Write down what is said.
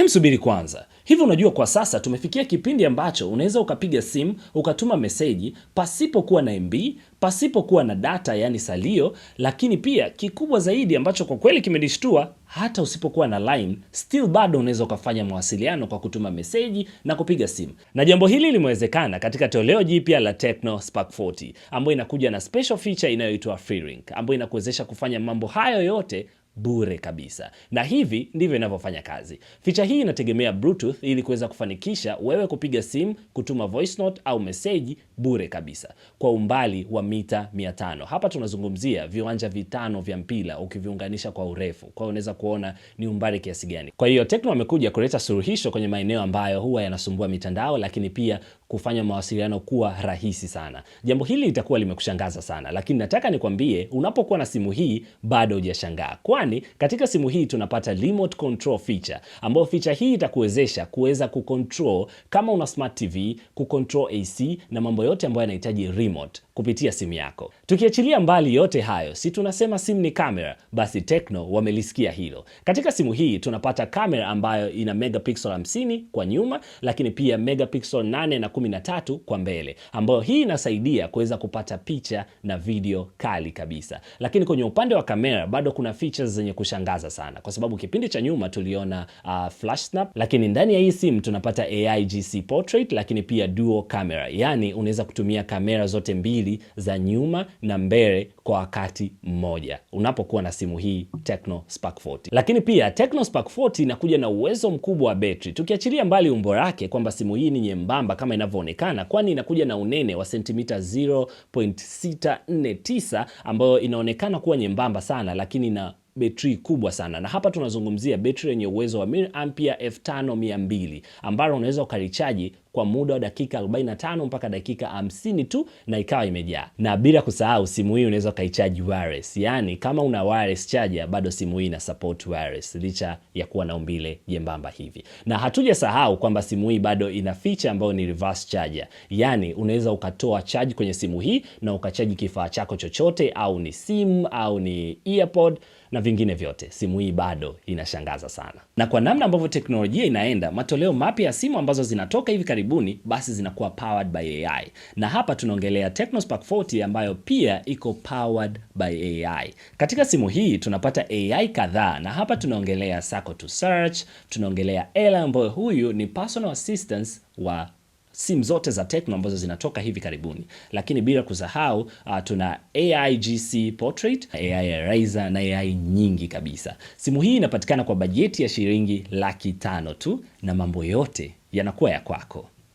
hemsubiri kwanza. Hivyo unajua kwa sasa tumefikia kipindi ambacho unaweza ukapiga simu ukatuma meseji pasipokuwa na MB, pasipokuwa na data yani salio, lakini pia kikubwa zaidi ambacho kwa kweli kimenishtua, hata usipokuwa na line still bado unaweza ukafanya mawasiliano kwa kutuma meseji na kupiga simu, na jambo hili limewezekana katika toleo jipya la Tecno Spark 40 ambayo inakuja na special feature inayoitwa FreeRing ambayo inakuwezesha kufanya mambo hayo yote bure kabisa. Na hivi ndivyo inavyofanya kazi. Ficha hii inategemea Bluetooth ili kuweza kufanikisha wewe kupiga simu, kutuma voice note au meseji bure kabisa kwa umbali wa mita 500. Hapa tunazungumzia viwanja vitano vya mpira ukiviunganisha kwa urefu. Kwa hiyo unaweza kuona ni umbali kiasi gani. Kwa hiyo Tecno amekuja kuleta suluhisho kwenye maeneo ambayo huwa yanasumbua mitandao, lakini pia kufanya mawasiliano kuwa rahisi sana. Jambo hili litakuwa limekushangaza sana, lakini nataka nikwambie, unapokuwa na simu hii bado hujashangaa, kwani katika simu hii tunapata remote control feature, ambayo feature hii itakuwezesha kuweza kucontrol kama una smart TV, kucontrol AC na mambo yote ambayo yanahitaji remote kupitia simu yako. Tukiachilia mbali yote hayo, si tunasema simu ni kamera? Basi Tecno wamelisikia hilo. Katika simu hii tunapata kamera ambayo ina megapixel 50 kwa nyuma, lakini pia megapixel 8 na 13 kwa mbele, ambayo hii inasaidia kuweza kupata picha na video kali kabisa. Lakini kwenye upande wa kamera bado kuna features zenye kushangaza sana, kwa sababu kipindi cha nyuma tuliona uh, flash snap, lakini ndani ya hii simu tunapata AIGC portrait, lakini pia dual camera, yani unaweza kutumia kamera zote mbili mbili za nyuma na mbele kwa wakati mmoja unapokuwa na simu hii Tecno Spark 40. Lakini pia Tecno Spark 40 inakuja na uwezo mkubwa wa betri, tukiachilia mbali umbo lake kwamba simu hii ni nyembamba kama inavyoonekana, kwani inakuja na unene wa sentimita 0.649 ambayo inaonekana kuwa nyembamba sana, lakini na betri kubwa sana na hapa tunazungumzia betri yenye uwezo wa miliampia 5200 ambalo unaweza ukalichaji kwa muda wa dakika 45 mpaka dakika 50 tu na ikawa imejaa. Na bila kusahau simu hii unaweza ukaichaji wireless. Yaani kama una wireless charger bado simu hii ina support wireless licha ya kuwa na umbile jembamba hivi. Na hatujasahau kwamba simu hii bado ina feature ambayo ni reverse charger. Yaani unaweza ukatoa charge kwenye simu hii na ukachaji kifaa chako chochote au ni simu au ni earpod na vingine vyote. Simu hii bado inashangaza sana. Na kwa namna ambavyo teknolojia inaenda, matoleo mapya ya simu ambazo zinatoka hivi karibuni, basi zinakuwa powered by AI, na hapa tunaongelea TechnoSpark 40 ambayo pia iko powered by AI. Katika simu hii tunapata AI kadhaa, na hapa tunaongelea Sako to Search, tunaongelea Ella ambayo huyu ni personal assistance wa simu zote za Tecno ambazo zinatoka hivi karibuni, lakini bila kusahau uh, tuna AI GC Portrait, AI Eraser na AI nyingi kabisa. Simu hii inapatikana kwa bajeti ya shilingi laki tano tu na mambo yote yanakuwa ya kwako.